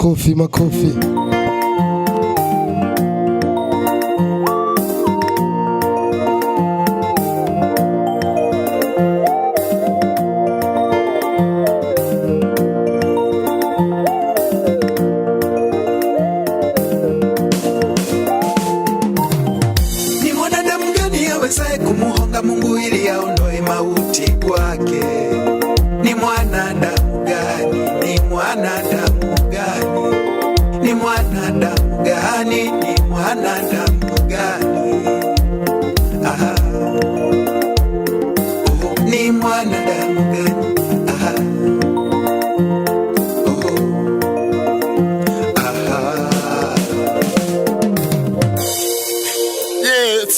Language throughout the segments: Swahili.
Confirma, confirma.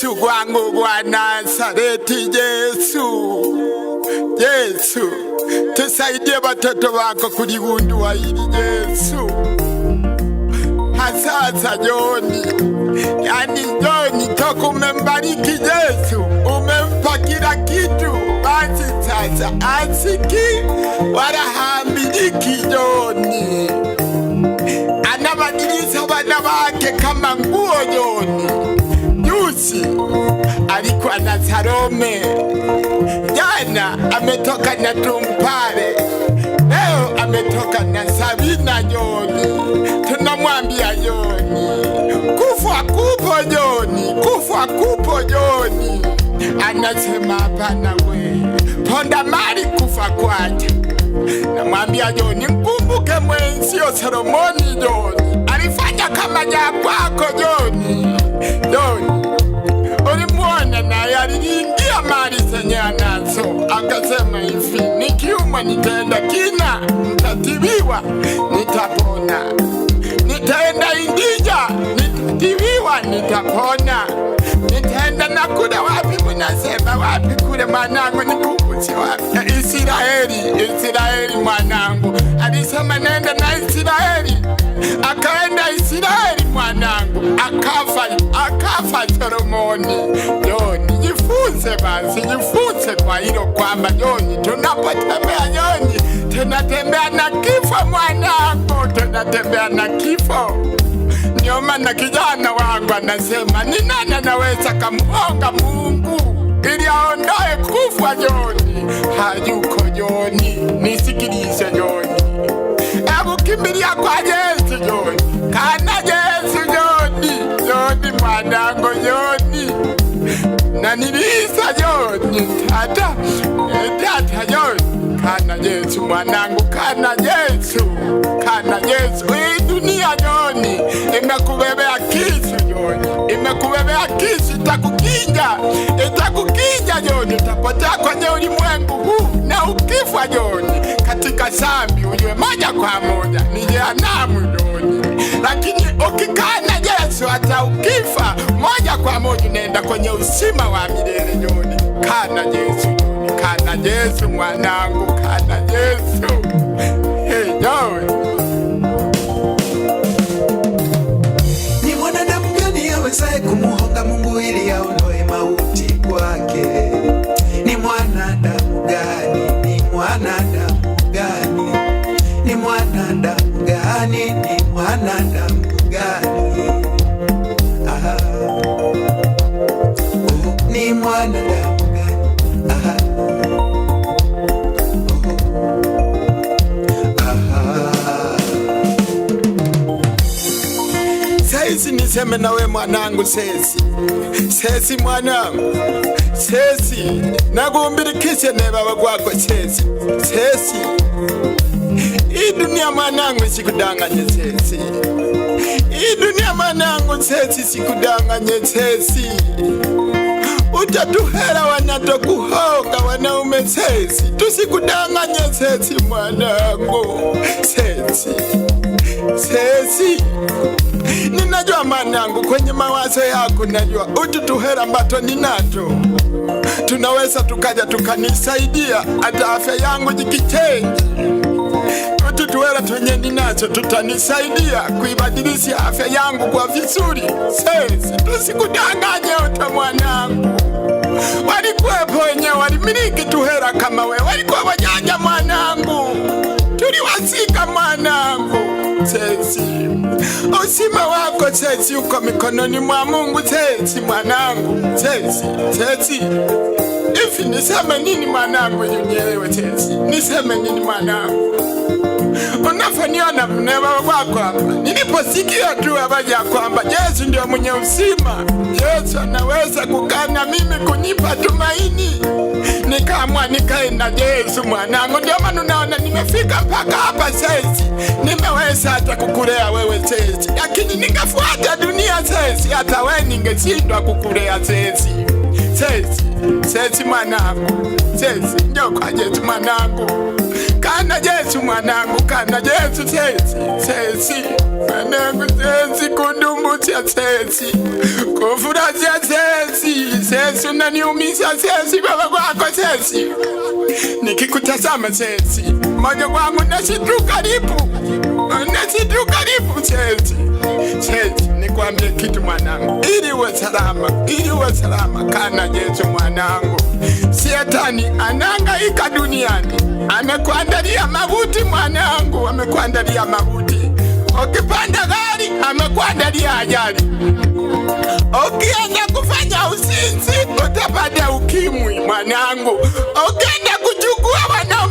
Yesu kwangu wa Nazareti, Yesu Yesu, tusaidie batoto wako kuligundua hili Yesu, hasasa Joni, yani Joni toko umembariki Yesu, umempa kila kitu, basi sasa asiki wala haambiliki Joni, anabadilisa wana wake kama nguo Joni kazi, alikuwa na Salome. Jana ametoka na Tumpale, leo ametoka na Sabina Yoni. Tunamwambia Yoni, kufa kupo Yoni, kufa kupo Yoni. Anasema hapana, we ponda mali, kufa kwaja. Namwambia Yoni, mkumbuke mwenzio salomoni Yoni alifanya kama ya kwako Yoni. Doni ulimwona naye aliingia mali zenye anazo, akasema hivi, nikiumwa nitaenda kina, nitatibiwa, nitapona, nitaenda Indija, nitatibiwa, nitapona, nitaenda na wapi nasema wapi? Kule mwanangu nikukuti wapi? Israeli, Israeli mwanangu alisema nenda na Israeli, akaenda Israeli mwanangu, akafa akafa. Solomoni Joni, jifunze basi, jifunze kwa hilo kwamba Joni, tunapotembea Joni, tunatembea na kifo mwanangu, tunatembea na kifo. Ndio maana kijana yangu anasema, ni nani anaweza kamuonga Mungu ili aondoe kufa? Joni hayuko. Joni nisikilize, Joni hebu kimbilia kwa Yesu. Joni kana Yesu, Joni Joni mwanangu, Joni nanilisa, Joni tata etata Joni kana Yesu mwanangu, kana Yesu, kana Yesu. Hii dunia Joni imekubebea kisu Joni, imekubebea kisu, itakukinja, itakukinja Joni, utapotea kwenye ulimwengu huu na ukifa Joni katika sambi, ujue moja kwa moja ni jehanamu Joni, lakini ukikaa na Yesu hata ukifa moja kwa moja unaenda kwenye usima wa milele Joni. Kana Yesu Joni, kana Yesu mwanangu. ngikhulume nawe mwanangu sesi sesi mwanangu sesi nakumbirikishe nebaba kwakho sesi sesi idunia mwanangu sikudanganye sesi idunia mwanangu sesi sikudanganye sesi utatuhera wanatokuhoka wanaume sesi tusikudanganye sesi mwanangu sesi sesi ninajua amani yangu kwenye mawazo yako, najua ututuhera mbato ninacho, tunaweza tukaja tukanisaidia hata afya yangu jikichenji. Ututuhera twenye ninacho tutanisaidia kuibadilisha afya yangu kwa vizuri. Sesi tusikudanganye, uta mwanangu, walikuwepo wenye walimiliki tuhera kama we, walikuwa wajanja mwanangu, tuliwasika mwanangu teti, Usima wako teti uko mikononi mwa Mungu teti, mwanangu teti, teti. ifi niseme nini mwanangu, nyunyewe teti, niseme nini mwanangu? Unafaniona mnema wako hapa, niliposikia tu habari ya kwamba Yesu ndio mwenye uzima, Yesu anaweza kukana mimi kunipa tumaini nikaamua nikae na Yesu mwanangu, ndio maana unaona nimefika mpaka hapa sesi Nimeweza hata kukulea wewe sesi lakini ningefuata dunia sesi hata we ningeshindwa kukulea sesi sesi sesi mwanangu, sesi ndio kwa Yesu mwanangu Kana Yesu mwanangu, kana Yesu sesi sesi, mwanangu sesi, kudumbucha sesi, kufurahia sesi sesi, unaniumiza sesi, baba kwako sesi, nikikutazama sesi, moyo wangu nashituka ripu, nashituka ripu sesi sesi, nikwambie kitu mwanangu iwe salama, iwe salama kana Yesu mwanangu. Shetani anahangaika duniani, amekuandalia mauti mwanangu, amekuandalia mauti. Ukipanda gari, amekuandalia ajali. Ukienda kufanya uzinzi, utapata ukimwi mwanangu. Ukienda kuchukua wana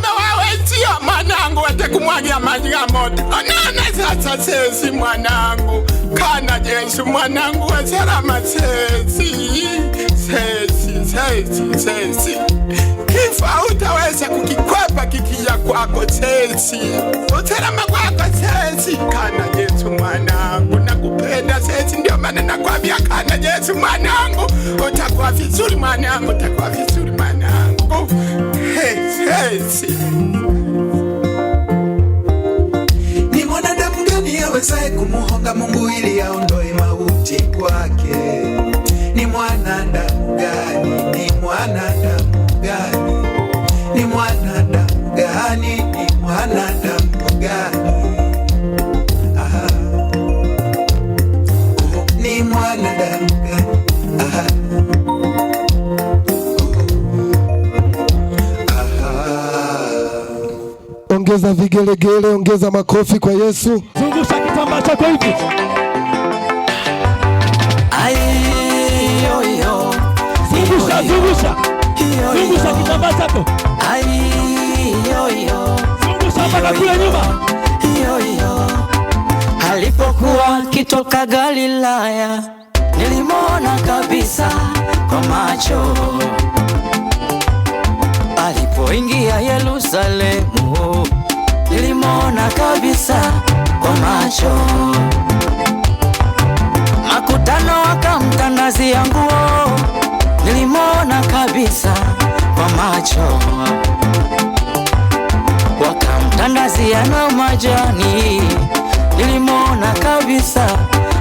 mwanangu wete kumwagia maji ya moto. Onana sasa sesi mwanangu, kana Yesu mwanangu weserama sesi sesi sesi sesi, kifo hautaweza kukikwepa kikija kwako sesi, userama kwako sesi, kana Yesu mwanangu nakupenda sesi, ndio maana nakwambia kana Yesu mwanangu, utakuwa vizuri mwanangu, utakuwa vizuri mwanangu, sesi Siweze kumuhonga Mungu ili aondoe mauti kwake. Ni mwanadamu gani? Ni mwanadamu gani? Ni mwanadamu gani? Ni mwanadamu gani? Aha. Ni mwanadamu gani? Aha. Aha. Ongeza vigelegele, ongeza makofi kwa Yesu sauti. Zungusha, zungusha, zungusha kitambaa chako, zungusha mpaka kule nyuma. Alipokuwa akitoka Galilaya, nilimwona kabisa kwa macho. Alipoingia Yerusalemu nilimona kabisa kwa macho, makutano wakamtandazia nguo, nilimona kabisa kwa macho, wakamtandazia na majani, nilimona kabisa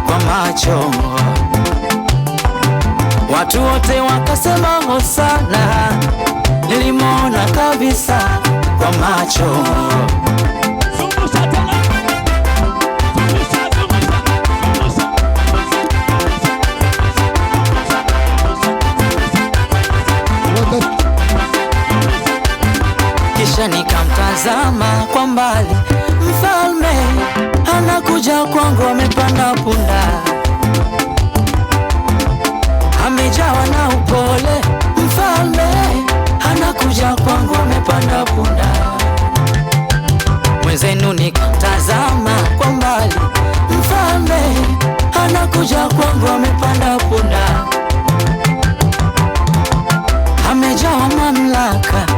kwa macho, watu wote wakasema hosana, nilimona kabisa kwa macho tazama kwa mbali, mfalme anakuja kwangu, amepanda punda, amejawa na upole. Mfalme anakuja kwangu, amepanda punda. Mwenzenu nikitazama kwa mbali, mfalme anakuja kwangu, amepanda punda, amejawa mamlaka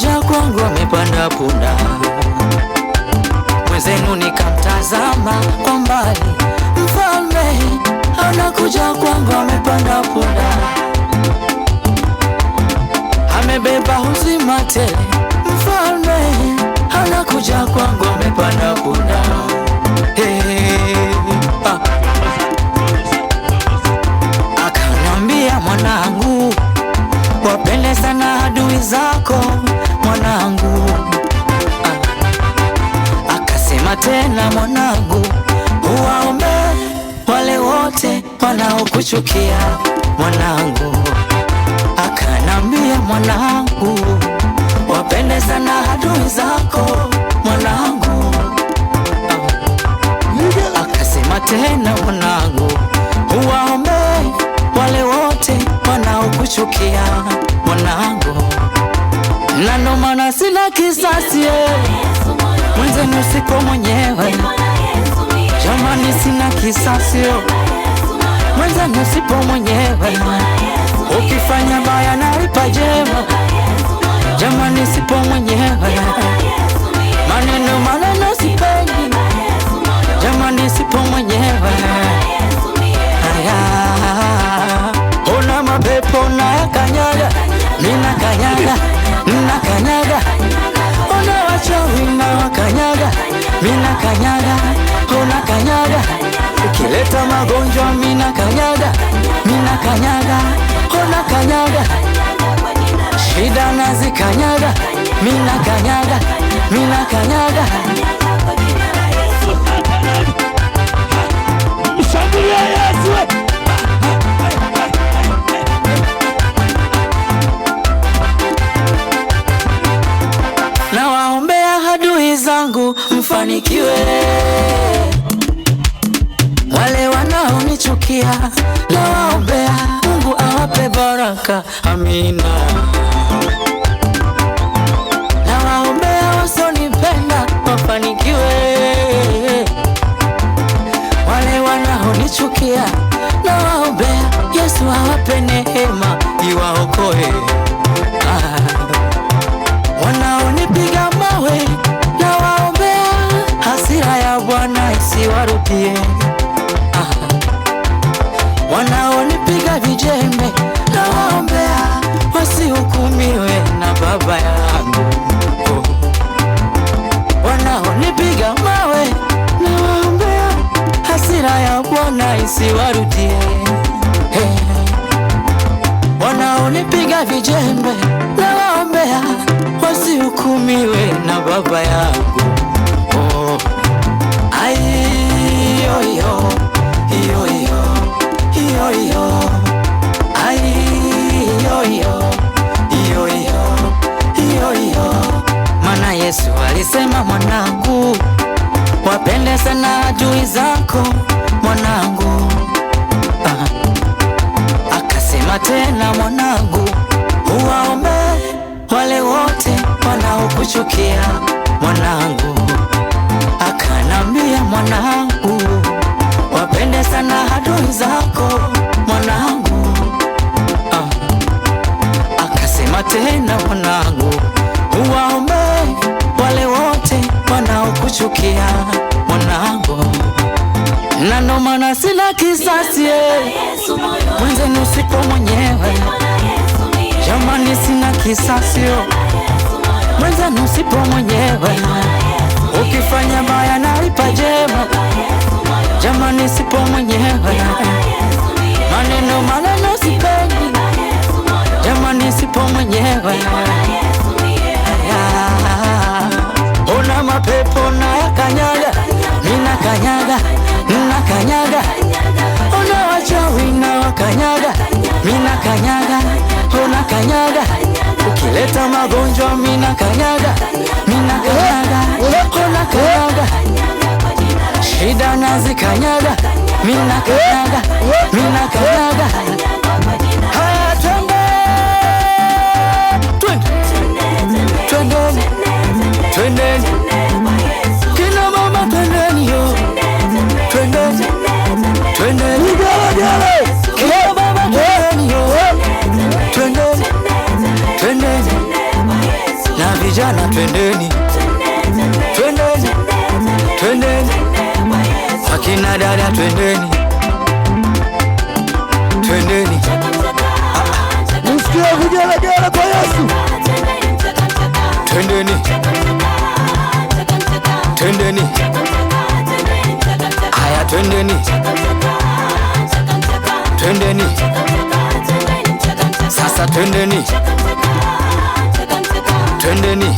Alikuja kwangu amepanda punda, mwenzenu nikamtazama kwa mbali. Mfalme anakuja kwangu amepanda punda, amebeba uzima tele. Mfalme anakuja kwangu amepanda punda ah. Akanambia mwanangu, wapende sana adui zako mwanangu, ah. akasema tena mwanangu, uwaombe wale wote wanaokuchukia mwanangu, akanambia mwanangu, wapende sana adui zako mwanangu, ah. akasema tena mwanangu, uwaombe wale wote wanaokuchukia mwanangu na ndo maana sina kisasi eh. mwenzenu siko mwenyewe jamani, sina kisasi eh. mwenzenu sipo mwenyewe, ukifanya baya nalipa jema jamani, sipo mwenyewe, maneno maneno sipendi jamani, sipo mwenyewe. ona mapepo na kanyaga, nina kanyaga mina kanyaga, ona wachawi na wakanyaga, mina kanyaga, ona kanyaga, ukileta magonjwa mina kanyaga, mina kanyaga, ona kanyaga, shida nazi kanyaga mina kanyaga, mina kanyaga, mshambulia Yesu. nifanikiwe. Wale wanaonichukia na Mungu awape baraka, amina. Na waombea wasonipenda wafanikiwe. Wale wanaonichukia na waobea Yesu awape neema iwaokoe. nipatie ah. wanaonipiga vijembe na wasihukumiwe na baba yangu oh. Wanaonipiga mawe na hasira ya Bwana isiwarudie Wanaonipiga vijembe na wasihukumiwe na baba yangu hiyo Yesu alisema, mwanangu, zako, mwanangu. Akasema tena, mwanangu, wale wote wanaokuchukia, mwanangu. Akanambia, mwanangu Usijisumbue sana hadun zako mwanangu, ah. Akasema tena mwanangu, uwaombe wale wote wanaokuchukia mwanangu, na ndo maana sina kisasi eh. mwenzenu usipo mwenyewe, jamani, sina kisasi oh. mwenzenu usipo mwenyewe, ukifanya baya naipa jema Jamani, sipo mwenyewe, maneno maneno sipendi. Jamani, sipo mwenyewe, ona mapepo na yakanyaga, nina kanyaga, nina kanyaga, ona wachawi na wakanyaga, mina kanyaga, ona kanyaga, ukileta magonjwa mina kanyaga, mina kanyaga, ona kanyaga Dada nazikanyaga mina kanyaga mina kanyaga kina mama twendeni twendeni na vijana twendeni Kina dada twendeni, twendeni, msikie vigelegele kwa Yesu, twendeni, twendeni, haya, twendeni, twendeni sasa, twendeni, twendeni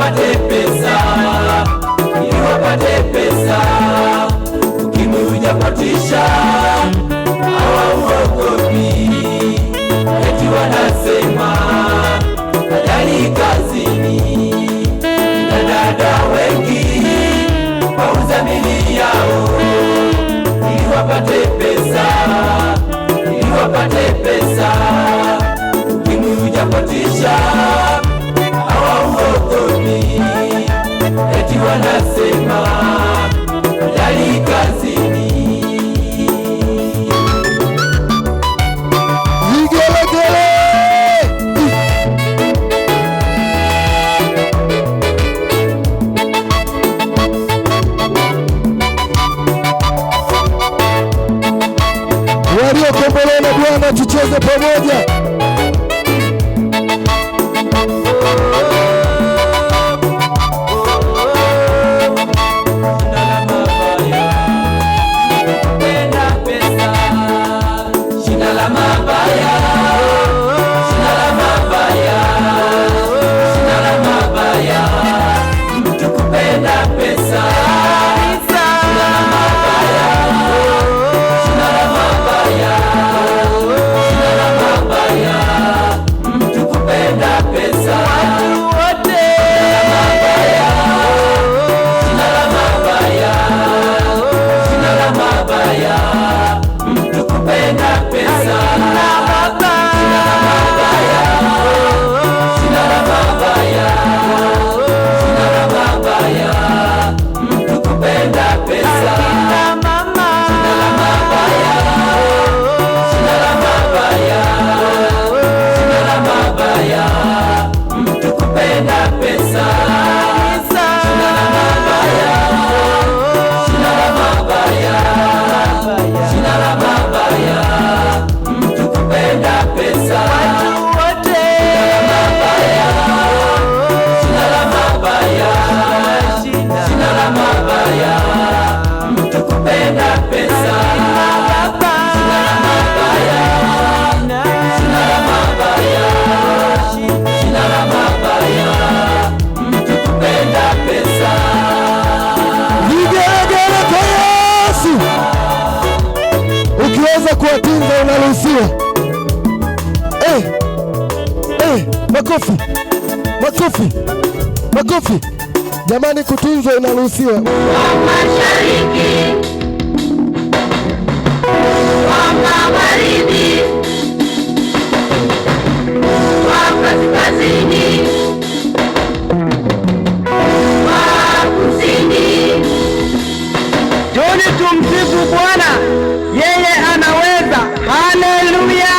wapate pesa, ili wapate pesa. Ukimwi hujapatisha, hawauogopi eti wanasema ajali kazini. Dada wengi wauza mili yao ili wapate pesa dias de Polônia. asifiwe. Eh. Eh, makofi makofi makofi! Jamani, kutunzwa inaruhusiwa. Wa mashariki, wa magharibi, wa kaskazini, wa kusini tumsifu Bwana, yeye anaweza. Haleluya!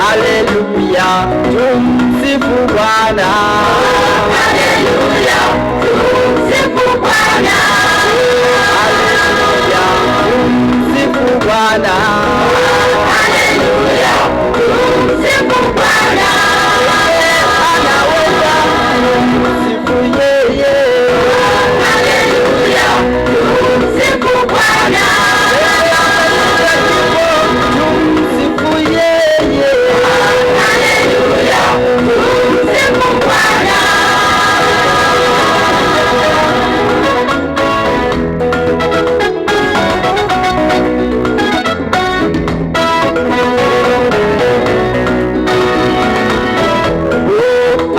Haleluya, tumsifu Bwana.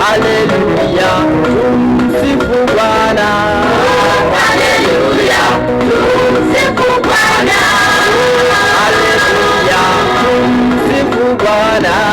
Haleluya, tumsifu Bwana. Haleluya, tumsifu Bwana. Haleluya, tumsifu Bwana.